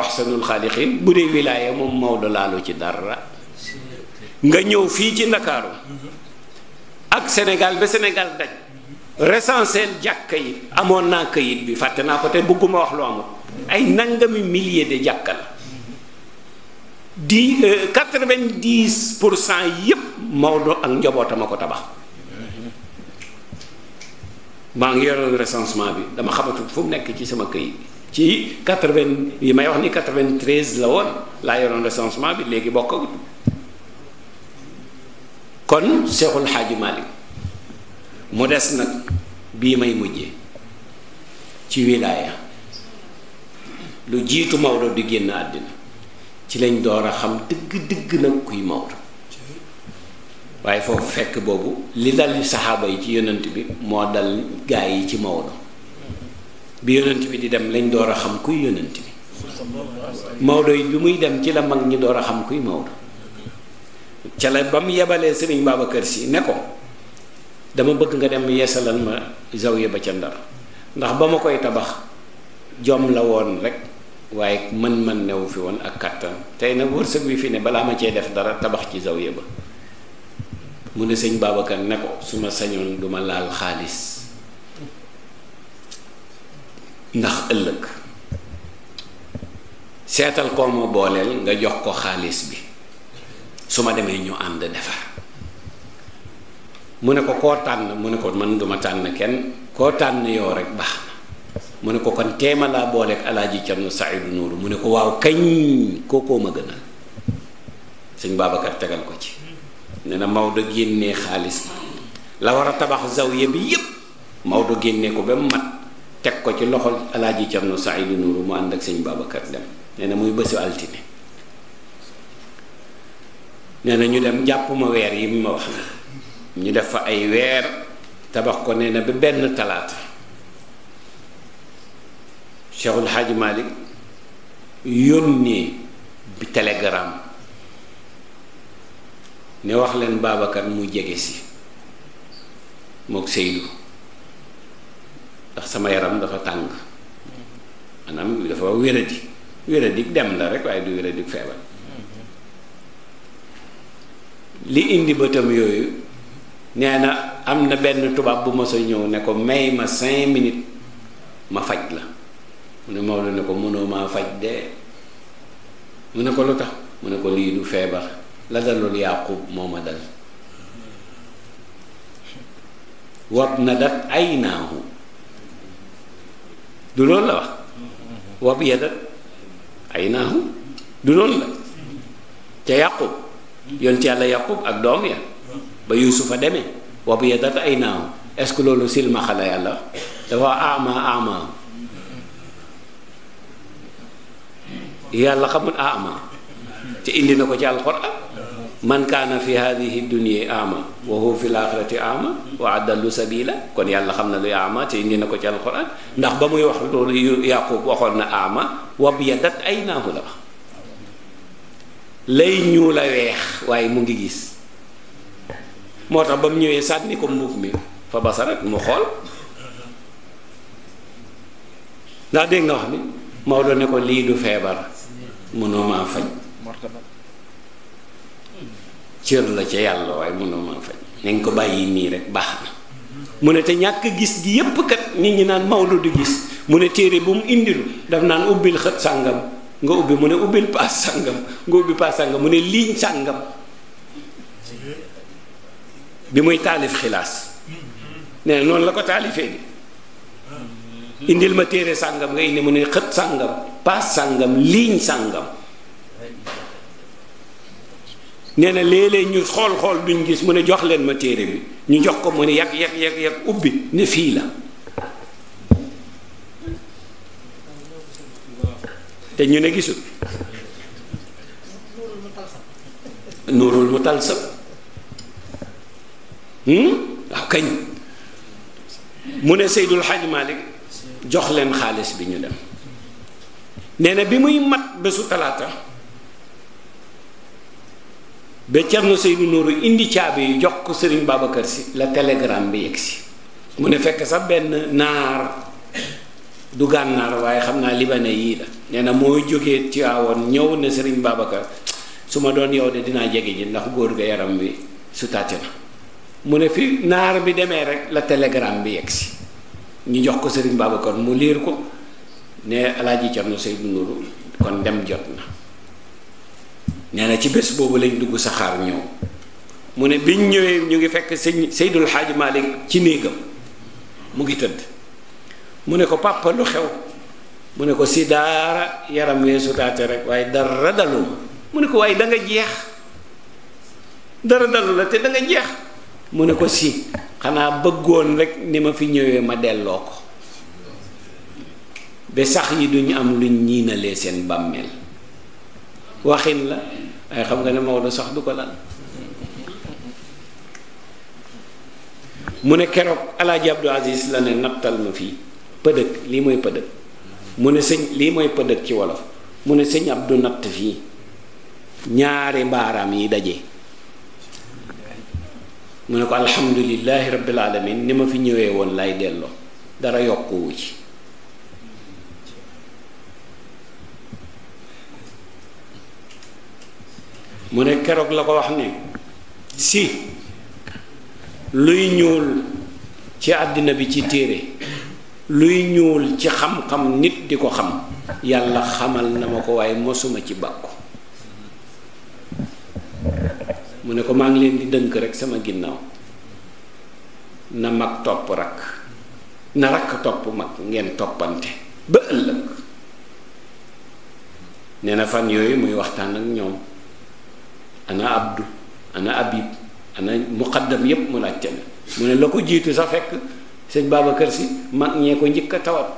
ahsanul xaaliqin bu dee wilaaya moom Maodo laalu ci dara nga ñëw fii ci ndakaaru ak Sénégal ba Sénégal daj recenseel jàkka yi amoon naa kayit bi fàtte naa ko te bëgguma wax lu amul ay nangami milliers de jàkka la di euh, quatre-vingt-dix pour cent yépp Maodo ak njobootam a ko tabax maa ngi yoroon recensement bi dama xamatul fu mu nekk ci sama kayit ci 80 yi may wax ni 93 la woon laa yoroon recensement bi léegi bokkagul kon Seexul Xaaji Maalik mu des nag bii may mujje ci wilaaya lu jiitu Maodo di génn àddina ci lañ door a xam dëgg-dëgg nag kuy Maodo waaye foofu fekk boobu li dal saxaaba yi ci yonent bi moo dal gaa yi ci Maodo bi yonent bi di dem lañ door a xam kuy yonent bi Maodo it bi muy dem ci la mag ñi door a xam kuy Maodo ca la ba mu yebalee Serigne Babacar si ne ko dama bëgg nga dem yeesalal ma zawiya ba ca Ndar ndax ba ma koy tabax jom la woon rek waaye mën man newu fi woon ak kàttan tey nag wërsëg wi fi ne balaa ma cee def dara tabax ci zawiya ba mu ne sëñ Babacar ne ko su ma sañoon duma laal xaalis ndax ëllëg seetal koo ma booleel nga jox ko xaalis bi su ma demee ñu ànd defar mu ne ko koo tànn mu ne ko man duma tànn kenn koo tànn yow rek baax na mu ne ko kon teema laa booleeg alaaji Cerno Saidu Nuuru mu ne ko waaw kañ kookoo ma gënal sëñ Babacar tegal ko ci ne na Maodo génnee xaalis la war a tabax zawiya bi yépp Maodo génnee ko ba mu mat teg ko ci loxol alaaji Cerno Saydu Nuuru mu ànd ak sëñ Babacar dem nee na muy bésu altine nee ñu dem jàpp weer yi mu ma wax ñu def fa ay weer tabax ko nee na ba benn talaata Cheikhul Hadji Malick yónnee bi télégramme ne wax leen Babacar mu jege si mook Seydou ndax sama yaram dafa tàng maanaam dafa wéradi wéradi dem la rek waaye du wéradi feebar li indi bëtam yooyu nee na am na benn tubaab bu ma sa ñëw ne ko may ma cinq minutes ma faj la mu ne Maodo ne ko mënoo maa faj de mu ne ko lu tax mu ne ko lii du feebar la dalul Yaaqub moo ma dal wab na dat ay naahu du la wax wab yadat ay naahu du loolu la ca yàqub yoon ci yàlla yàqub ak doom ya ba yuusufa demee wab yadat ay naahu est loolu silmaxa la yàlla wax dafa ama ama yàlla xamul ama te indi na ko ci alxuraan man kaana fi hadihi dunya ama wa fil axirati ama wa adallu sabila kon yàlla xam na luy ama te indi na ko ci alquran ndax ba muy wax loolu yaqub waxoon na ama wabyadat aynaahu la wax lay ñuul a weex waaye mu ngi gis moo tax ba mu ñëwee sànni ko mbubb mi fa basarat mu xool ndax dégg nga wax ni Maodo ne ko lii du feebar mënoo maa faj cër la ca yàlla waaye mënoo maa faj nañ ko bàyyi nii rek baax na mu ne te ñàkk gis gi yépp kat nit ñi naan Maodo du gis mu ne téere bu mu indilu daf naan ubbil xët sàngam nga ubbi mu ne ubbil paas sàngam nga ubbi paas mu ne liiñ sàngam bi muy taalif xilaas nee noonu la ko taalifee di indil ma téere sàngam nga indi mu ne xët sàngam paas sàngam liiñ sàngam nee na léeg ñu xool xool duñ gis mu ne jox leen ma bi ñu jox ko mu ne yàgg yàgg yàgg ubbi ni fii la te ñu ne gisul nuurul mu tal sëb hmm? waaw kañ mu ne Seydul Xaj Malik jox leen xaalis bi ñu dem nee na bi muy mat bésu talaata ba Cerno Seydu Nuuru indi caabi yu jox ko Sëriñ Babacar Si la télégramme bi yegg si mu ne fekk sax benn naar du gànnaar waaye xam naa libane yii la nee na mooy jógee Tiwaawoon ñëw ne Sëriñ Babacar su ma doon yow de dinaa jege ji ndax góor ga yaram wi su tàcc na mu ne fi naar bi demee rek la télégramme bi yegg si ñu jox ko Sëriñ Babacar mu liir ko ne alaaji Cerno Seydu Nuuru kon dem jot na nee na ci bés boobu lañ dugg saxaar ñëw mu ne biñ ñëwee ñu ngi fekk sëñ Seydul Xaaji Malik ci néegam mu ngi tëdd mu ne ko pàppa lu xew mu ne ko si daara yaram weesu taate rek waaye dara dalu mu ne ko waaye danga jeex dara dalu la te danga jeex mu ne ko si xanaa bëggoon rek ni ma fi ñëwee ma delloo ko be sax yi duñu am luñ ñiinalee seen bàmmeel waxin la ay xam nga ne Maodo sax du ko laal mu ne keroog alaaji Abdou Aziz la ne nattal ma fii pëdëg lii mooy pëdëg mu ne sëñ lii mooy pëdëg ci wolof mu ne sëñ Abdou natt fii ñaari mbaaraam yi daje mu ne ko alhamdulillahi rabbil alamin ni ma fi ñëwee woon lay delloo dara yokkuwu ci mu ne keroog la ko wax ni si luy ñuul ci àddina bi ci téere luy ñuul ci xam-xam nit di ko xam yàlla xamal na ma ko waaye mosuma ci bàkku mu ne ko maa ngi leen di dënk rekk sama ginnaaw na mag topp rakk na rakk topp mag ngeen toppante ba ëllëg nee na fan yooyu muy waxtaan ak ñoom ana abdu ana abib ana muqaddam yépp mu laajte mu ne la ko jiitu sax fekk sëñ Babacar Si mag ñee ko njëkk a tawat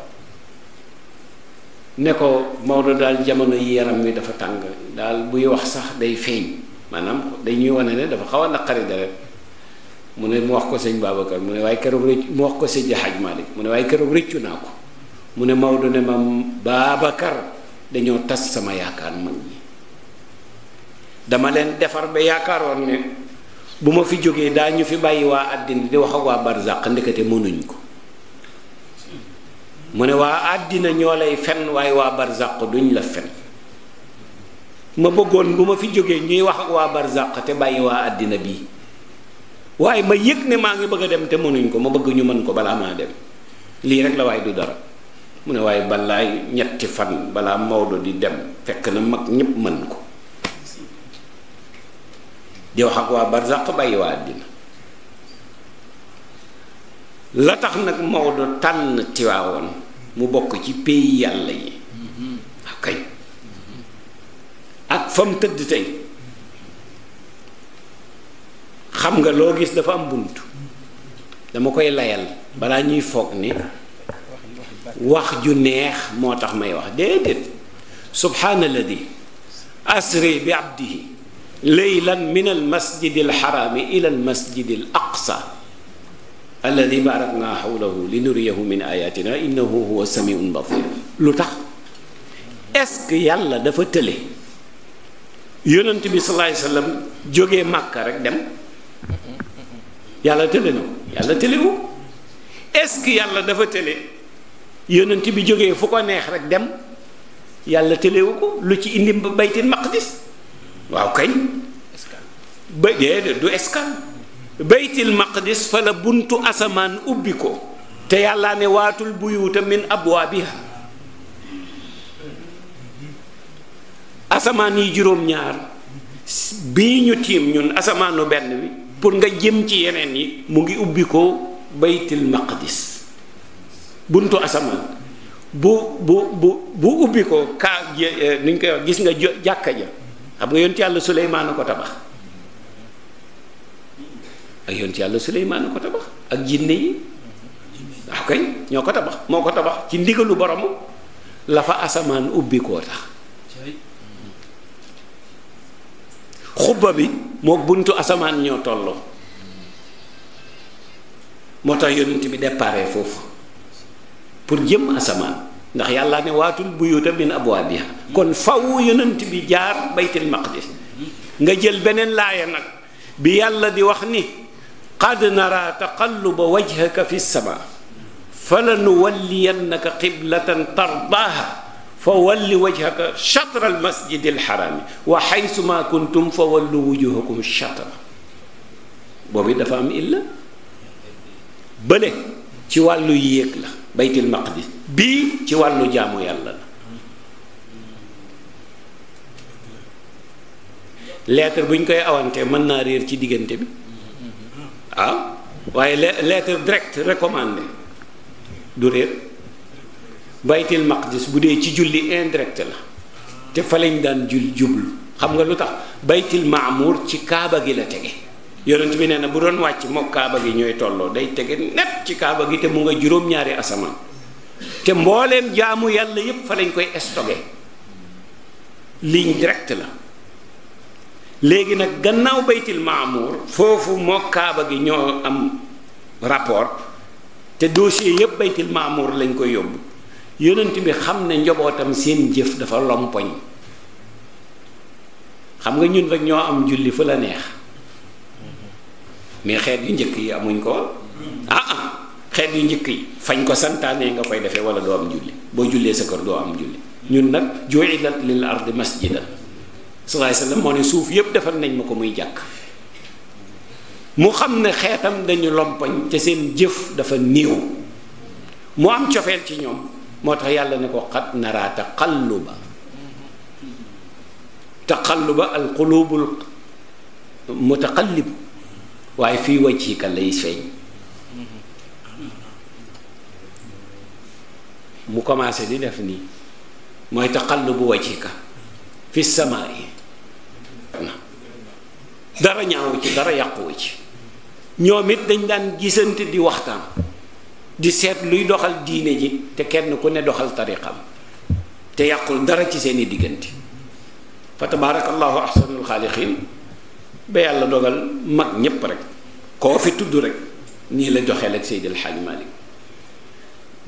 ne ko Maodo daal jamono yi yaram wi dafa tàng daal buy wax sax day feeñ maanaam dañuy wane ne dafa xaw a naqari deret mu ne mu wax ko sëñ Babacar mu ne waaye keroog rëcc mu wax ko sëñ Hadj Malick mu ne waaye keroog rëccu naa ko mu ne Maodo ne ma Babacar dañoo tas sama yaakaar mag dama leen defar ba yaakaaroon ne bu ma fi jógee daa ñu fi bàyyi waa àddina di wax ak waa barzaq ndekete mënuñ ko mu ne waa àddina ñoo lay fen waaye waa barzaq duñ la fen ma bëggoon bu ma fi jógee ñuy wax ak waa barzaq te bàyyi waa àddina bii waaye ma yëg ne maa ngi bëgg a dem te mënuñ ko ma bëgg ñu mën ko balaa maa dem lii rek la waaye du dara mu ne waaye balaa ñetti fan balaa Maodo di dem fekk na mag ñépp mën ko di wax ak waa barzaq bàyyi waa àddina la tax nag Maodo tànn Tiwaawoon mu bokk ci pays yàlla yi ak fa mu tëdd tey xam nga loo gis dafa am bunt dama koy layal balaa ñuy foog ni wax ju neex moo tax may wax déedéet subhaanalladi asri bi abdihi leylan min al masjid al xaraami ila al masjid al aqsa alladi baarakna xawlahu li nuriyahu min ayatina innahu huwa samiun basir lu tax est-ce yàlla dafa tële yonent bi salaay sallam jóge màkka rek dem yàlla tële na yàlla tële wu yàlla dafa tële yonent bi jógee fu ko neex rek dem yàlla tëlewu ko lu ci indi baytil maqdis waaw kay ba déedéet du escale baytil maqdis fa la buntu asamaan ubbi ko te yàlla ne waatul buyuuta bi abwaabiha asamaan yi juróom-ñaar bii ñu tiim ñun asamaanu benn bi pour nga jëm ci yeneen yi mu ngi ubbi ko baytil maqdis buntu asamaan bu bu bu bu ubbi ko kaa eh, nuñ koy wax gis nga jàkka ja xam nga yoon ci yàlla suleymaana ko tabax ak yoon ci yàlla suleymaana ko tabax ak jinne yi waaw kay ñoo ko tabax moo ko tabax ci ndigalu borom la fa asamaan ubbikoo tax xuba bi moo buntu asamaan ñoo tolloo moo tax yonent bi déparé foofu pour jëm asamaan ndax yàlla ne waatul buyuta min abwaabiha kon faw yonent bi jaar baytil maqdis nga jël beneen laaya nag bi yàlla di wax ni qad nara taqalluba wajhaka fi sama falanuwalliyannaka qiblatan tardaaha fa walli wajhaka chatra almasjid alxarami wa xaysu ma kuntum fa wallu wujuhakum chatra boobu dafa am illa bële ci wàllu yéeg la baytil maqdis bii ci wàllu jaamu yàlla la lettre bu ñu koy awantee mën naa réer ci diggante bi waaw ah, waaye lettre direct recommandé du réer baytil maqdis bu dee ci julli indirect la te fa lañ daan jul jublu xam nga lu tax baytil maamuur ci kaaba gi la tege yonent bi nee na bu doon wàcc moo kaaba gi ñooy tolloo day tege net ci kaaba gi te mu nga juróom-ñaari asamaan te mbooleem jaamu yàlla yépp fa lañ koy stocké ligne direct la léegi nag gannaaw baytil maamuur foofu moo kaaba gi ñoo am rapport te dossier yépp baytil maamuur lañ koy yóbbu yonent bi xam ne njobootam seen jëf dafa lompoñ xam nga ñun rek ñoo am julli fu la neex mais xeet yu njëkk yi amuñ ko ah ah xeet yu njëkk yi fañ ko santaane nga koy defee wala doo am julli boo jullee sa kër doo am julli ñun nag ju'ilat lil ardi masjidan sallallahu alayhi wasallam moo ne suuf yépp defal nañ ma ko muy jàkk mu xam ne xeetam dañu lompoñ te seen jëf dafa néew mu am cofeel ci ñoom moo tax yàlla ne ko xat naraa taqalluba taqalluba al qulubul mutaqallib waaye fii wajhika lay feeñ mu commencé di def nii mooy tax taqallubu wajhika fi samaa'i dara ñaawu ci dara yàquwu ci ñoom it dañ daan gisante di waxtaan di seet luy doxal diine ji te kenn ku ne doxal tariqam te yàqul dara ci seeni diggante fa tabarakallahu ahsanul xaaliqin ba yàlla dogal mag ñépp rek koo fi tudd rek nii la joxeel ak Seydil Hadj Malick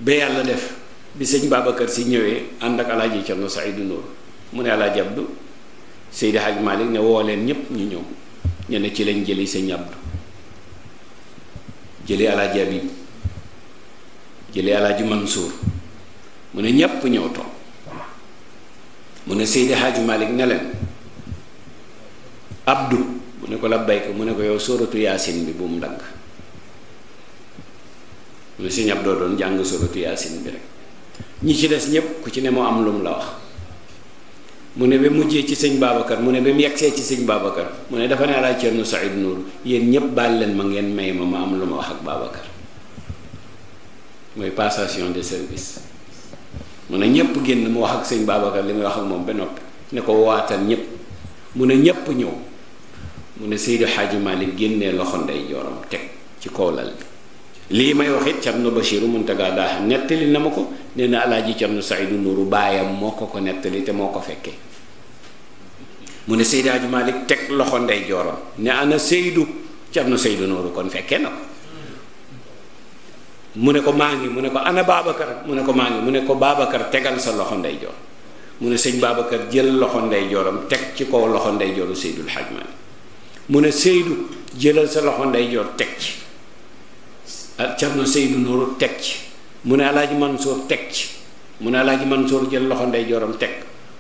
ba yàlla def bi sëñ Babacar si ñëwee ànd ak alaaji Cerno Saydu Nuur mu ne alaaji Abdu Seydi Haj Malik ne woo leen ñépp ñu ñëw ñu ci lañ jëli sëñ Abdu jëli alaaji Abib jëli alaaji Mansuur mu ne ñépp ñëw toog mu ne Seydi Haj Malik ne leen Abdu mu ne ko labbayka mu ne ko yow sóoratu yaasin bi bu mu ndànk mu ne sëñ Abdoo doon jàng sóoratu yaasin bi rek ñi ci des ñépp ku ci ne mu am lum la wax mu ne ba muccee ci sëñ Babacar mu ne ba mu yegsee ci sëñ Babacar mu ne dafa ne alaa Cerno Saïd Nuuru yéen ñépp baal leen ma ngeen may ma ma am lu ma wax ak Babacar mooy passation de service mu ne ñépp génn mu wax ak sëñ Babacar li muy wax ak moom ba noppi ne ko waatal ñépp mu ne ñépp ñëw mu ne Seydi Xaaji Maalik génnee loxo ndey jooram teg ci kaw lal bi lii may wax it Thierno Bachirou Mountaga daa nettali na ma ko nee na alaaji Thierno Saïdou Nourou baayam moo ko ko nettali te moo ko fekkee mu ne Seydi Hadji teg loxo ndey jooram ne ana Seydou Thierno Seydou kon fekkee na mu ne ko maa ngi mu ne mu ne ko maa ngi mu ne ko Babacar tegal sa loxo ndey mu ne sëñ Babacar jël loxo ndey teg ci kaw loxo ndey jooru Seydou El jëlal sa loxo ndeyjoor teg ci ak Cerno Seydou Nourou teg ci mu ne Alaaji Mansour teg ci mu ne Alaaji Mansour jël loxo ndey joram teg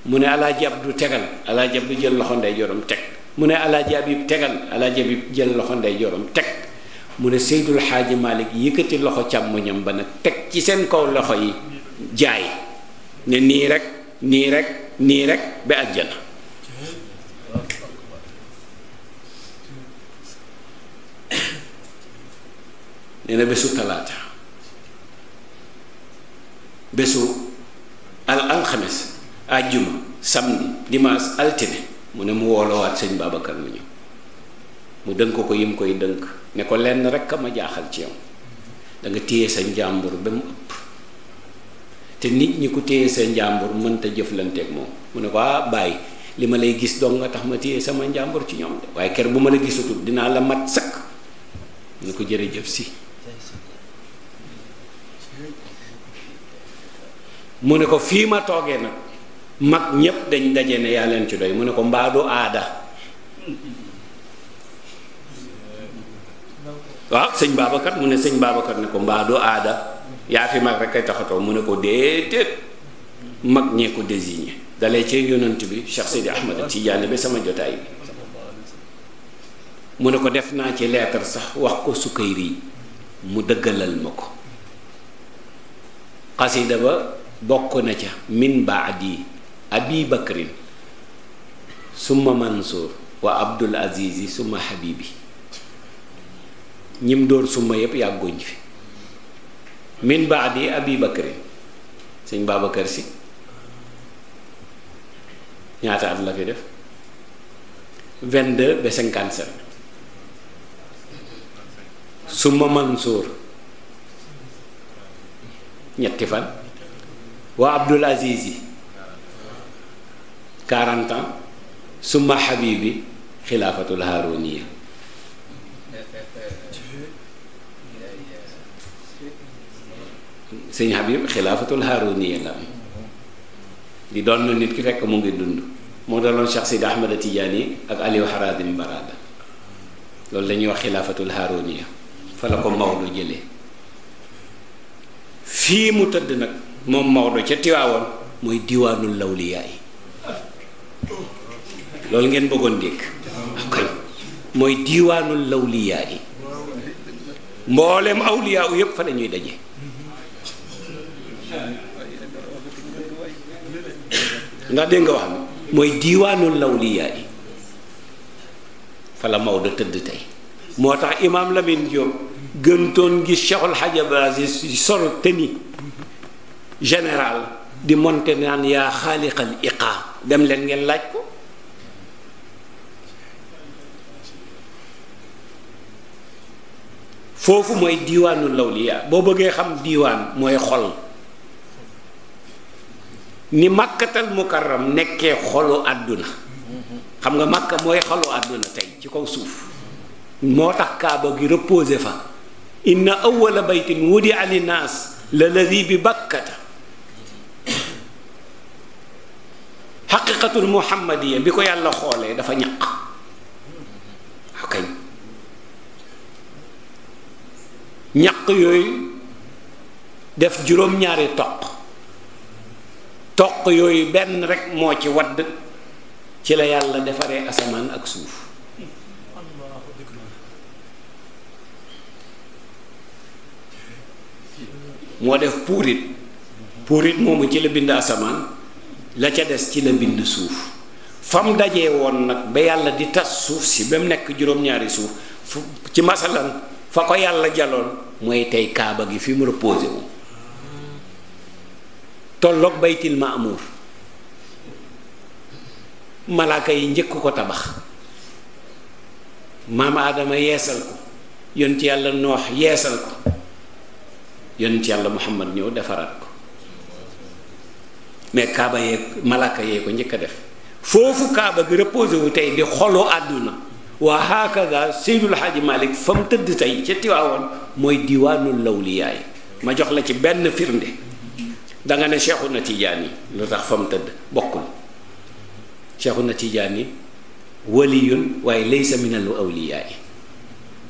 mu ne Alaaji Abdu tegal Alaaji Abdu jël loxo ndey joram teg mu ne Alaaji Abib tegal Alaaji Abib jël loxo ndey teg mu ne Seydul Xaaji Malik yëkkati loxo càmmoñam ba nag teg ci seen kaw loxo yi jaay ne nii rek nii rek nii rek ba àjjana nee na bésu talaata bésu al alxames àjjuma samedi dimanche altine mu ne mu woolowaat sëñ Babacar mu ñëw mu dënk ko yim koy dënk ne ko lenn rek a ma jaaxal ci yow danga téye sa njàmbur ba mu ëpp te nit ñi ku téye sa njàmbur mënta jëflanteeg moom mu ne ko ah bàyyi li ma lay gis dong nga tax ma téye sama njàmbur ci ñoom de waaye ker bu ma la gisatul dinaa la mat sëkk mu ne ko jëf si mu ne ko fii ma toogee nag mag ñépp dañ daje ne yaa leen ci doy mu ne ko mbaadu aada waaw sëñ Babacar mu ne sëñ Babacar ne ko mbaadu aada yaa fi mag rek ay taxatoo mu ne ko déedéet mag ñee ko désigné dalee ci yonant bi Cheikh Seydi Ahmad Tidiane bi sama jotaay bi mu ne ko def naa ci lettre sax wax ko Sukayri mu dëggalal ma ko xasida ba bokk na ca min baadi abi bakrin summa mansuur wa abdul azizi suma habibi ñim dóor summa yépp yàgguñ fi min baadi abi bakrin sëñ Babacar Si ñaata at la fi def 22 ba 57 summa ñetti fan waa Abdul Aziz yi 40 ans summa Habibi xilaafatul Haaruniya sëñ Habib xilaafatul Haaruniya la am di doon na nit ki fekk mu ngi dund moo daloon Cheikh Sidi Ahmed Tidiane ak Aliou Haradim Barada loolu la ñuy wax xilaafatul Haaruniya fa la ko Maodo jëlee fii mu tëdd nag. moom Maodo ca Tiwaawoon mooy diwaanul law yi loolu ngeen bëggoon dégg ah, kay mooy diwaanul lawliyaa yi mboolem awliyaa u yépp fa la ñuy daje ndax dégg nga wax mooy diwaanul lawliyaa yi fa la Maodo tëdd tey moo tax imaam Lamine Diop gëntoon gis Cheikhul Hadj Abdou Aziz sol te ni général di monte naan yaa xaaliqal iqaa dem leen ngeen laaj ko foofu mooy diiwaanu lawliya boo bëggee xam diiwaan mooy xol ni màkkatal mukarram nekkee xolu àdduna xam nga màkka mooy xolu àdduna tey ci kaw suuf moo tax kaaba gi reposé fa inna awwala baytin wudi'a linnaas lalladhi bi bakkata xaqiqatul muhammadiya bi ko yàlla xoolee dafa ñaq kañ ñaq yooyu def juróom-ñaari toq toq yooyu benn rek moo ci wadd ci la yàlla defaree asamaan ak suuf moo def puurit puurit moomu ci la bind asamaan la ca des ci la bind suuf fam dajee woon nag ba yàlla di tas suuf si ba mu nekk juróom-ñaari suuf fu ci masalan fa ko yàlla jaloon mooy tey kaaba gi fi mu reposé wu tolloog ma maamuur malaaka yi njëkk ko tabax maam aadama yeesal ko ci yàlla noox yeesal ko yonent yàlla muhammad ñëw defaraat ko mais kaaba yee malaka yee ko njëkk a def foofu kaaba gi reposé wu tey di xoloo àdduna waa hakada seydul haaji malik fa mu tëdd tey ca tiwaawoon mooy diwaanul lawliyaay ma jox la ci benn firnde danga ne cheikhu na tijaani lu tax fa mu tëdd bokkul cheikhu na tijaani waliyun waaye laysa minal awliyaay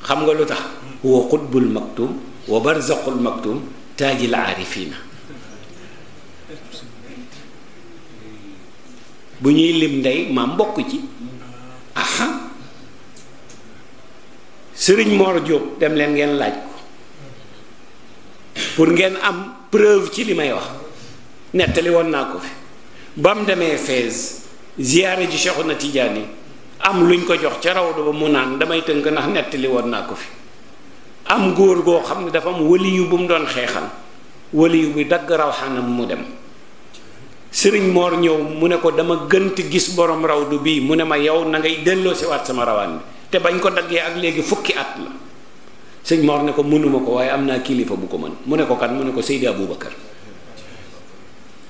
xam nga lu tax huwa qutbul maktum wa barzaqul maktum taajil aarifiina bu ñuy lim ndey ma mbokk ci aha sëriñ Mor jóg dem leen ngeen laaj ko pour ngeen am preuve ci li may wax nettali woon naa ko fi ba mu demee Fès ziyaare ji Seexu na Tijaan yi am luñ ko jox ca raw ba mu naan damay tënk ndax nettali woon naa ko fi am góor goo xam ne dafa am waliyu bu mu doon xeexal waliyu bi dagg raw xanam mu dem sëriñ moor ñëw mu ne ko dama gënt gis borom rawdu bii mu ne ma yow na ngay delloo si waat sama rawaan bi te bañ ko daggee ak léegi fukki at la sëñ moor ne ko mënuma ko waaye am naa kilifa bu ko mën mu ne ko kat mu ne ko Seydi Aboubacar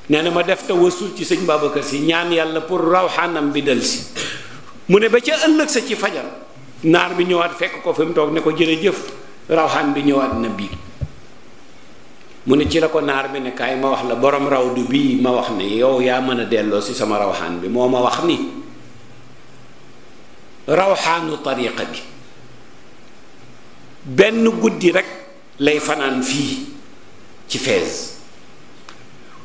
nee na ma def tawassul ci sëñ Babacar si ñaan yàlla pour rawxaanam bi del si mu ne ba ca ëllëg sa ci fajar naar bi ñëwaat fekk ko fi mu toog ne ko jële jëf rawxaan bi ñëwaat na bii mu ne ci la ko naar bi ne kaay ma wax la borom rawdu bii ma wax ni yow yaa mën a delloo si sama rawxaan bi moo ma wax ni rawxaanu tariqa bi benn guddi rek lay fanaan fii ci Fès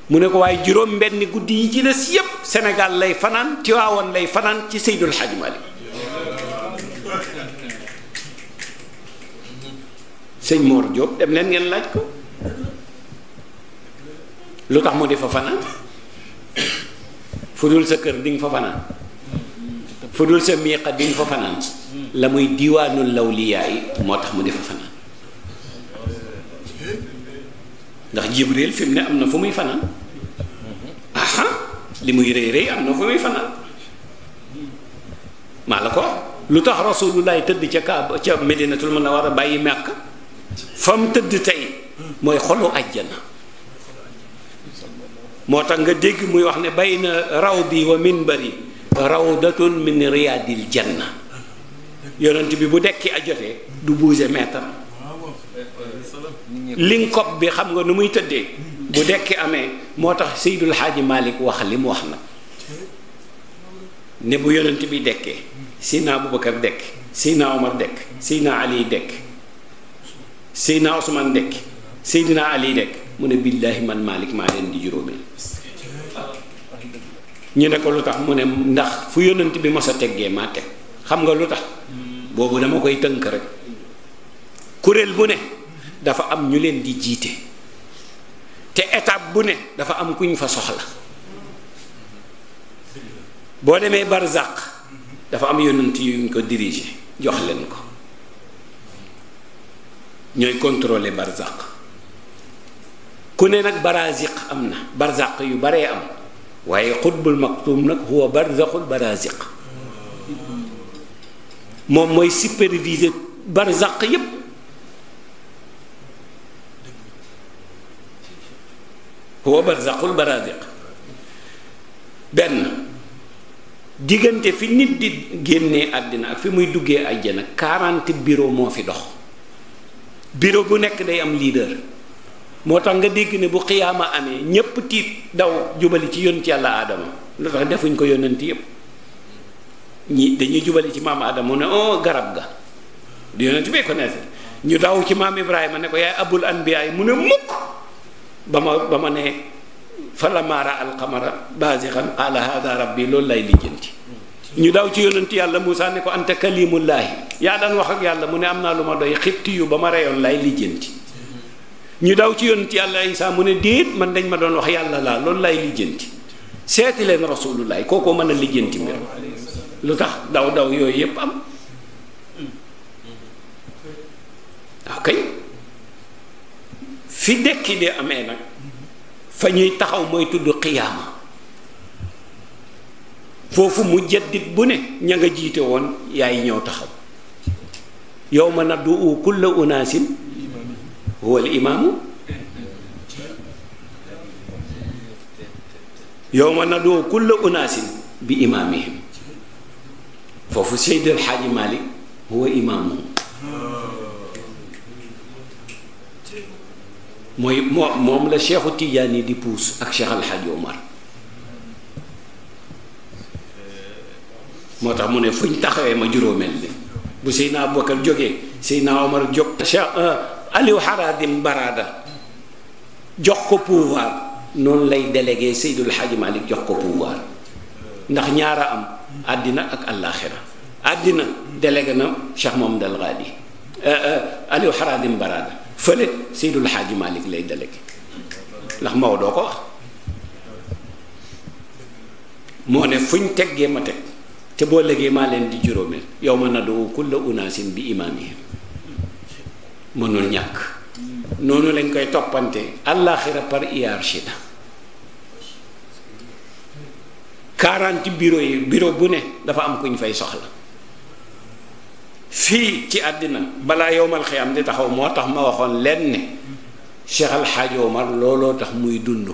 mu ne ko waaye juróom benn guddi yi ci des yépp senegal lay fanaan ci Tiwaawan lay fanaan ci Seydul Xaj Malik sëñ Mor Diop dem leen ngeen laaj ko lu tax mu di fa fanaan fu dul sa kër di nga fa fanaan fu dul sa miiqa di fa fanaan la muy diiwaanul lawliyaa yi moo tax mu di fa fanaan ndax jibril fi mu ne am na fu muy fanaan aha li muy rëy rëy am na fu muy fanaan maa la ko lu tax rasulullah tëdd ca kaaba ca medinatul a bàyyi màkk fa mu tëdd tey mooy xolu àjjana moo tax nga dégg muy wax ne bayna na raw minbari rawdatun min bari raw riyaadil janna yonent bi bu dekki a jotee du bouger mètre linkop bi xam nga nu muy tëddee bu dekki amee moo tax Seydul Xaaji Malik wax li mu wax na ne bu yonent bi dekkee Seydina Abubakar dekk Seydina Omar dekk Seydina Ali dekk Seydina Osman dekk naa Ali dekk mu ne billaahi man Malick maa leen di juróomeel ñu ne ko lu tax mu ne ndax fu yonent bi mos a teggee maa teg xam nga lu tax boobu dama koy tënk rek kuréel bu ne dafa am ñu leen di jiite te étape bu ne dafa am kuñ fa soxla boo demee barzaq dafa am yonent yuñ ko diriger jox leen ko ñooy contrôler barzaq ku ne nag baraziq am na barzaq yu baree am waaye xutbul maktum nag huwa barzaxul baraziq moom mooy superviser barzaq yépp huwa barzaqul baraziq benn diggante fi nit di génnee àddina ak fi muy duggee àjjana 40 bureau moo fi dox bureau bu nekk day am liider moo tax nga dégg ne bu xiyaama amee ñépp tiit daw jubali ci yonent yàlla aadama lu tax defuñ ko yonent yépp ñi dañuy jubali ci maam oh, garab ga du yonent bee ñu daw ci maam ibrahima ne ko yaay abul anbiyaay mu ne mukk ba ma ba ma ne fa la maara alxamara baasixan qaala hada rabbi loolu lay lijjanti ñu daw ci yonent yàlla Moussa ne ko anta kalimullaahi yaa daan wax ak yàlla mu ne am naa lu ma doy xibti yu ba ma reyoon lay lijjanti ñu daw ci yonent yàlla Isaa mu ne déet man dañ ma doon wax yàlla laa loolu laay lijjanti seeti leen koo ko mën a lijjanti mbir lu tax daw daw yooyu yépp am waaw ah, kay fi dekki de amee nag fa ñuy taxaw mooy tudd xiyaama foofu mu jaddit bu ne ña nga jiite woon yaay ñëw taxaw yow ma naddu u kulla unaasin huwa al imaamu yowma nadoo kulla unaasin bi imaamihim foofu Seydi El Hadji Malick huwa imaamu moom la Cheikhu Tidiane di puus ak Cheikh El Hadji moo tax mu ne fuñ taxawee ma juróomeel bi bu Seydina Abubakar jógee Seydina Omar jóg euh, Aliou Haradim Barada jox ko pouvoir noonu lay délégué Seydul Hadji Malick jox ko pouvoir ndax ñaara am àddina ak àllaaxira àddina délégué na Cheikh Mohamed Al Ghali euh, euh, Aliou Haradim Barada fële Seydul Hadji Malick lay délégué ndax Maodo doo ko wax moo ne fuñ teggee ma teg te boo légee maa leen di juróomeel yow ma nadu kulla unaasin bi imaamihim mënul ñàkk noonu lañ koy toppante àllaaxira par hiérarchie la quarante bureau yi bureau bu ne dafa am ku ñu fay soxla fii ci àddina balaa yowmal xiyaam di taxaw moo tax ma waxoon leen ne Cheikh Al looloo tax muy dundu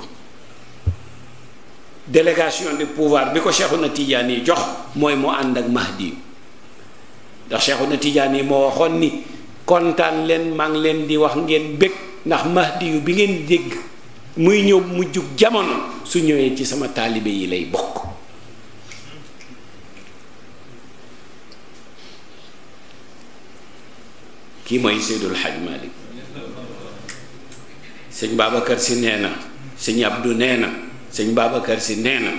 délégation de pouvoir bi ko na tiijaan yi jox mooy mu ànd ak Mahdi ndax Cheikhuna Tidiane yi moo waxoon ni kontaan leen maa leen di wax ngeen bég ndax mahdi yu bi ngeen dégg muy ñëw mu jug jamono su ñëwee ci sama taalibe yi lay bokk kii mooy Seydul Xaj Malik sëñ Babacar si nee na sëñ Abdou nee na sëñ si nee na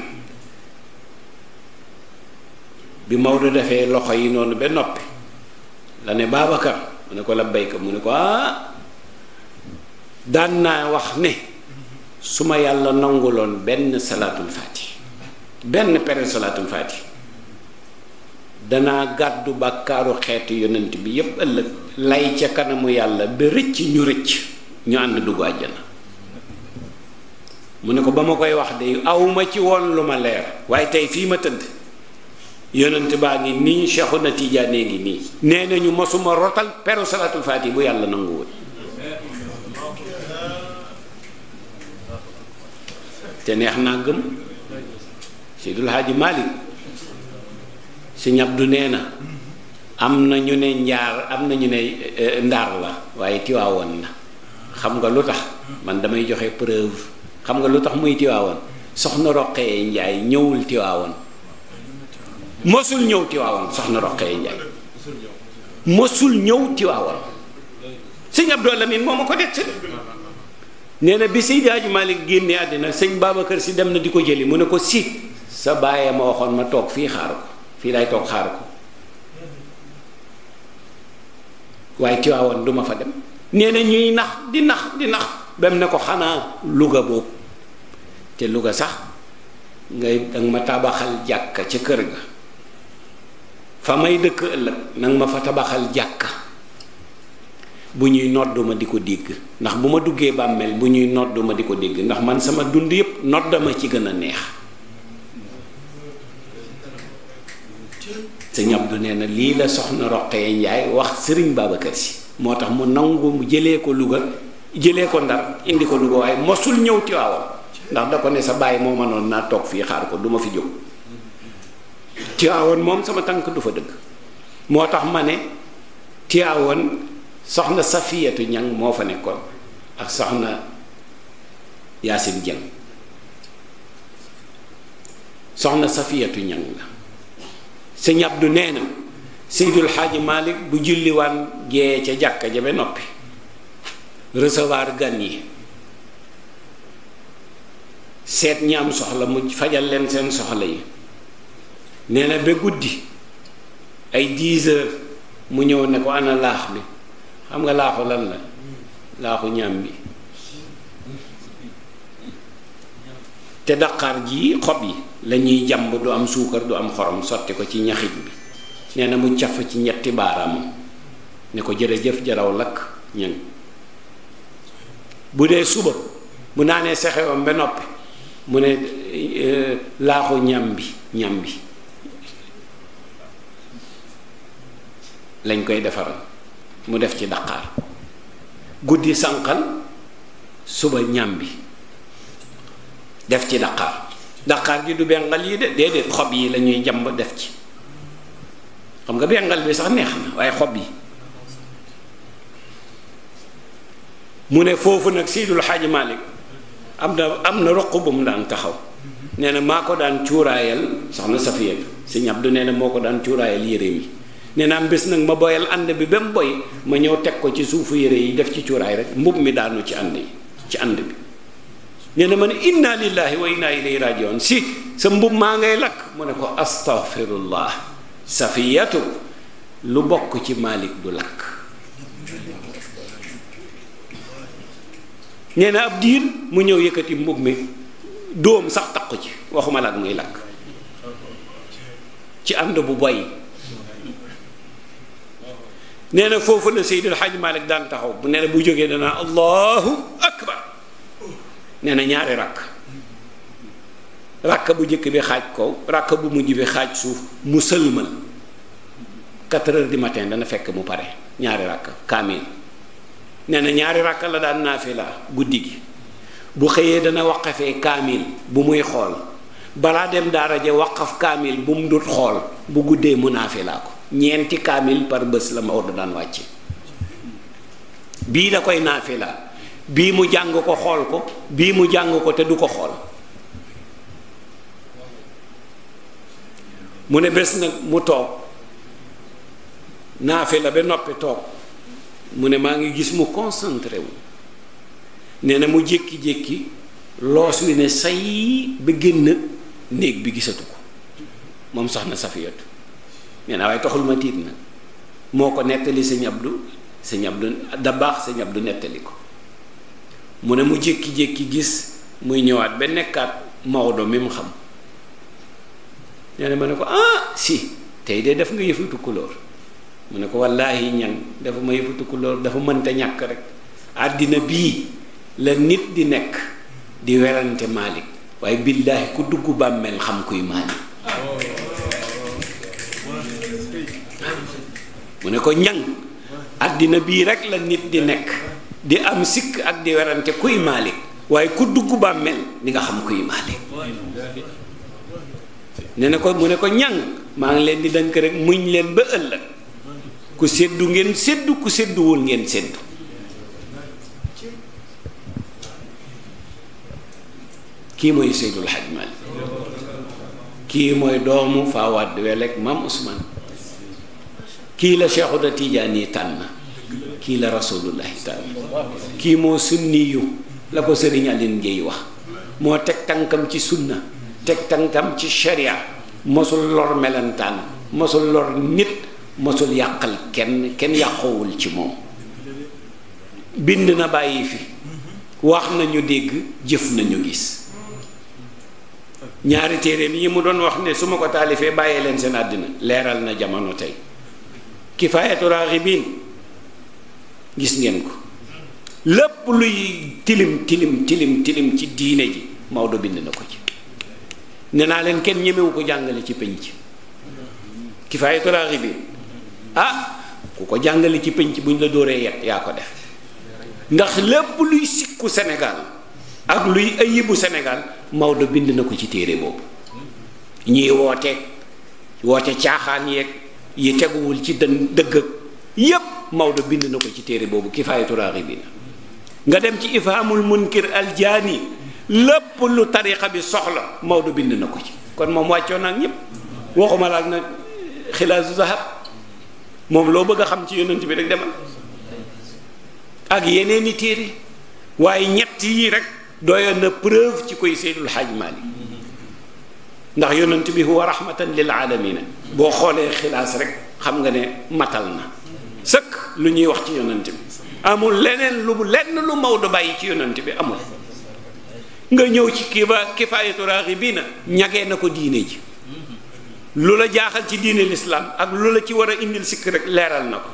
bi Maodo defee loxo yi noonu ba noppi la ne Babacar mu ne ko la labbayka mu ne ko ah daan naa wax ne su ma yàlla nanguloon benn salaatul faati benn pere salaatul faati danaa gàddu bàkkaaru xeetu yonant bi yépp ëllëg lay ca kanamu yàlla ba rëcc ñu rëcc ñu ànd dugg àjjana mu ne ko ba ma koy wax de awma ci woon lu ma leer waaye tey fii ma tëdd yonent baa ngi nii na Tijaane ngi nii nee nañu mosuma rotal peru salaatul faati bu yàlla nanguwul te neex naa gëm Seydul Haaji Malik Sëñ Abdu nee na am na ñu ne njaar am na ñu ne eh, eh, ndaar la waaye tiwaawoon na xam nga lu tax man damay joxe preuve xam nga lu tax muy tiwaawoon soxna roqee njaay ñëwul tiwaawoon mosul ñëw Tiwaawan soxna Roqee Njaay mosul ñëw Tiwaawan sëñ Abdou Lamine moo ma ko dett nee na bi si Hadji Malick génne àddina sëñ kër Si dem na di ko jëli mu ne ko si sa bàyyee ma waxoon ma toog fii xaaru ko fii laay toog xaaru ko waaye Tiwaawan duma fa dem nee na ñuy nax di nax di nax bam ne ko xanaa Louga boobu te Louga sax ngay danga ma tabaxal jàkka ca kër ga fa may dëkk ëllëg nang ma fa tabaxal jàkka bu ñuy nodd ma di ko digg ndax bu ma duggee bàmmeel bu ñuy nodd ma di ko dégg ndax man sama dund yépp nodd ma ci gën a neex sëñ Abdou nee na lii la soxna Roqee Njaay wax sëriñ Babacar Si moo tax mu nangu mu jëlee ko Louga jëlee ko Ndar indi ko Louga waaye mosul ñëw Tiwaawan ndax da ko ne sa bàyyi moo mënoon naa toog fii xaar ko du ma fi jóg Tiwaawoon moom sama tànk du fa dëgg moo tax ma ne Tiwaawoon soxna Safiyatu Ñang moo fa nekkoon ak soxna Yaasin jën soxna Safiyatu Ñang la sëñ Abdu nee na Seydul Xaaji Malik bu julliwaan gee ca jàkka ja noppi recevoir gan yi seet ñi soxla mu fajal leen seen soxla yi nee na ba guddi ay 10 mu ñëw ne ko ana laax bi xam nga laaxu lan la laaxu ñam bi te daqaar ji xob yi lañuy ñuy du am suukar du am xorom sotti ko ci ñaxit bi nee na mu caf ci ñetti baaraamam ne ko jëf jaraw lakk ñan bu dee suba bu naanee sexewam ba noppi mu ne eh, laaxu ñam bi ñam bi lañ koy defaral mu def ci daqaar guddi sànqal suba bi def ci daqaar daqaar gi du bengal yi de déedéet xob yi lañuy ñuy def ci xam nga bengal bi sax neex na waaye xob yi mu ne foofu nag Seydul Xaaji Malik am na am na roq bu mu daan taxaw nee na maa ko daan cuuraayal soxna Safiya Sëñ Abdu nee na moo ko daan cuuraayal yére yi nee naa bés nag ma boyal ànd bi ba mu boy ma ñëw teg ko ci suufu yére yi def ci cuuraay rek mbub mi daanu ci ànd yi ci ànd bi nee na ma ne inna lillahi wa inna ilayhi rajiun si sa mbubb maa ngay lakk mu ne ko astaghfirullah safiyatu lu bokk ci Malik du lakk nee na ab diir mu ñëw yëkkati mbub mi doom sax takku ci waxuma la ak muy lakk ci ànd bu boy nee na foofu la Seydi El Hadj daan taxaw bu nee bu jógee danaa allahu akbar nee na ñaari rakk rakk bu jëkk bi xaaj kaw rakk bu mujj bi xaaj suuf mu sëlmal 4 heures du matin dana fekk mu pare ñaari rakk kaamil nee na ñaari rakk la daan naafila guddi gi bu xëyee dana waqafee kaamil bu muy xool balaa dem daara ja waqaf kaamil bu mu dut xool bu guddee mu naafilaa ko ñeenti kaamil par bés la ma Maodo daan wàcce bii da koy naafila bii mu jàng ko xool ko bii mu jàng ko te du ko xool mu ne bés nag mu toog la ba noppi toog mu ne maa ngi gis mu concentré wu ne na mu jékki-jékki loos wi ne say ba génn néeg bi gisatu ko moom sax na Safiyatu nee waaye taxul ma tiit na moo ko nettali sëñ Abdou sëñ Abdou da baax sëñ Abdou nettali ko mu ne mu jékki-jékki gis muy ñëwaat ba nekkaat Maodo mi mu xam nee na ma ne ko ah si tey de def nga yëfu tukkulóor mu ne ko wallaahi ñan dafa ma yëfu tukkulóor dafa mënta ñàkk rek àddina bii la nit di nekk di werante Maalik waaye billaahi ku dugg bàmmeel xam kuy Maalik oh. mu ne ko ñang àddina bii rek la nit di nekk di am sikk ak di werante kuy maalik waaye ku dugg bàmmeel di nga xam kuy maalik ne ne ko mu ne ko ñang maa ngi leen di dënk rek muñ leen ba ëllëg ku séddu ngeen séddu ku sédduwul ngeen séddu kii mooy Seydul Hajj Maalik kii mooy doomu Fawad Welek maam Ousmane kii la Cheikhuna Tidiane yi tànn kii la rasulullahi tànn kii moo sunni yu la ko sëriñ Aline wax moo teg tànkam ci sunna teg tànkam ci sharia mosul lor melentaan mosul lor nit mosul yàqal kenn kenn yàqoowul ci moom bind na bàyyi fi wax nañu dégg jëf nañu gis ñaari téeréem mi mu doon wax ne su ma ko taalifee bàyyee leen seen àddina leeral na jamono tey kifaayatu raaxibiin gis ngeen ko lépp luy tilim tilim tilim tilim ci diine ji Maodo bind na ko ci ne naa leen kenn ñemewu ko jàngale ci pénc kifaayatu raaxibiin ah ku ko jàngale ci pénc bu ñu la dóoree yet yaa ko def ndax lépp luy sikku Sénégal ak luy senegal Sénégal Maodo bind na ko ci téere boobu ñuy woote woote caaxaan yeeg yi teguwul ci dën dëgg ak yépp Maodo bind na ko ci téere boobu kifaayatu raaxibiina nga dem ci ifhaamul munkir aljaani lépp lu tarixa bi soxla Maodo bind na ko ci kon moom wàccoon na ak ñëpp waxuma laal nag xilaasu zahab moom loo bëgg a xam ci yonent bi rek demal ak yeneeni téere waaye ñett yi rek doyoon na preuve ci koy Seydul Xaaj Maalik ndax yonent bi huwa rahmatan lil aalamina boo xoolee xilaas rek xam nga ne matal na sëkk lu ñuy wax ci yonent bi amul leneen lu lenn lu Maodo bàyyi ci yonent bi amul nga ñëw ci kifa kifaayatu raaxibiina ñagee na ko diine ji lu la jaaxal ci diine lislaam ak lu la ci war a indil sikk rek leeral na ko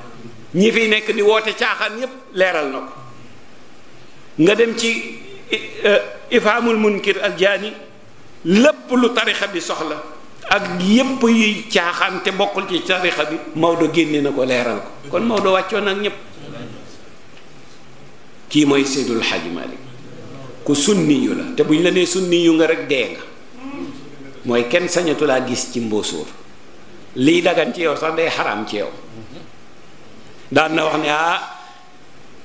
ñi fiy nekk di woote caaxaan yépp leeral na ko nga dem ci euh, ifaamul munkir aljaani lépp lu tarixa bi soxla ak yépp yuy caaxaan te bokkul ci tarixa bi Maodo génne na ko leeral ko kon Maodo wàccoon ak ñépp kii mooy Seydul Xaaji Malik ku sunni yu la te bu ñu la nee sunni yu nga rek dee nga mooy kenn sañatu gis ci mbóosóor liy daggan ci yow sax day xaram ci yaw daan na wax ne ah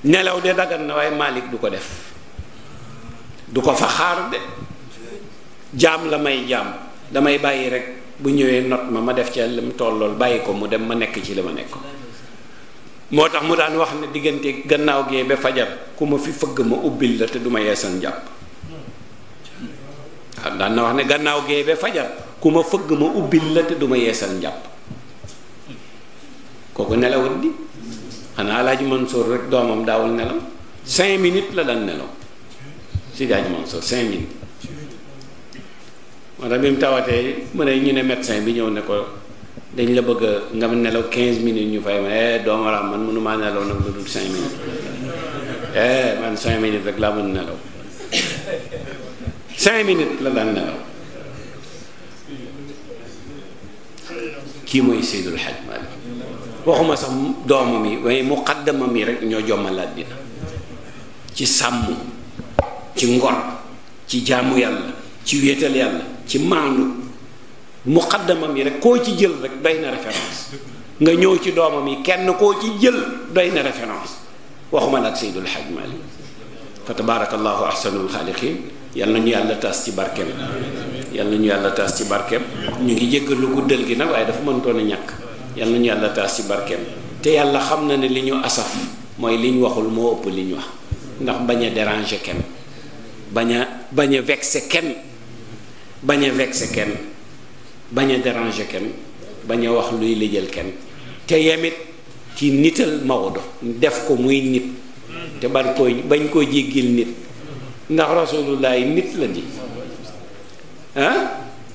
nelaw de dagan na waaye Malik du ko def du ko fa xaar de jaam la may jaam damay bàyyi rek bu ñëwee not ma ma def ca lim tollool bàyyi ko mu dem ma nekk ci li ma nekk moo tax mu daan wax ne diggante gannaaw gee ba fajar ku ma fi fëgg ma ubbil la te du ma yeesal njàpp daan na wax ne gannaaw gee ba ku ma fëgg ma ubbil la du ma yeesal njàpp kooku nelawut di xanaa Alaaji Mansour rek doomam daawul nelaw cinq minutes la daan nelaw si Alaaji Mansour cinq minutes moo tax bi mu tawatee mu ne ñu ne médecin bi ñëw ne ko dañ la bëgg nga nelaw 15 minutes ñu fay ma eh doomu man mënu maa nelaw nag lu dul 5 minutes eh man 5 minutes rek laa mën nelaw 5 minutes la daan nelaw kii mooy Seydul Hajj Maalik waxuma sax doomam yi muqaddamam yi rek ñoo jommalaat dina ci sàmm ci ngor ci jaamu yàlla ci wéetal yàlla. ci maandu muqaddamam yi rek koo ci jël rek doy na référence nga ñëw ci doomam yi kenn koo ci jël doy na référence waxuma la ak Seydul la Malik fa tabarakallahu ahsanul xaaliqin yal na ñu yàlla taas ci barkeem yal na ñu yàlla taas ci barkeem ñu ngi jéggalu guddal gi nag waaye dafa mëntoon a ñàkk yal na ñu yàlla taas ci barkeem te yàlla xam na ne li ñu asaf mooy li ñu waxul moo ëpp li ñu wax ndax bañ a déranger kenn bañ a bañ a vexer kenn bañ a vexé kenn bañ a déranger kenn bañ a wax luy lijjal kenn te yemit ci nital Maodo def ko muy nit te ban bañ koo jéggil nit ndax rasulullahi nit la di ah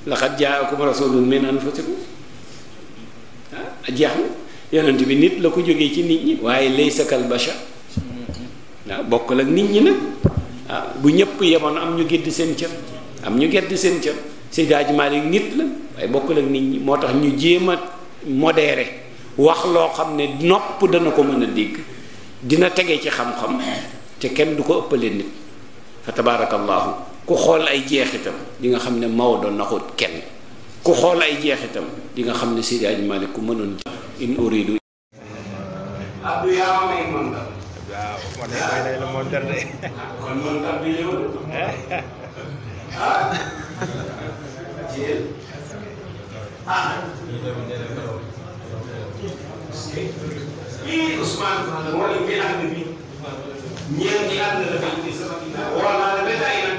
laqad jaakum rasulun min anfusikum ah jeex na yonent bi nit la ko jógee ci nit ñi waaye lay sëkkal bashar waaw bokkul ak nit ñi nag bu ñëpp yemoon am ñu gédd seen cër am ñu gedd seen cër Seydi Hadji Malick nit la waaye bokkul ak nit ñi moo tax ñu jéema a wax loo xam ne nopp dana ko mën a dégg dina tege ci xam-xam te kenn du ko ëppale nit fa tabaarakallaahu ku xool ay jeexitam di nga xam ne Maodo naxut kenn ku xool ay jeexitam di nga xam ne Seydi in uridu abdu man de mën tab ah jigéen ah lii Ousmane wala ñi ànd bi ñeenti ànd la wala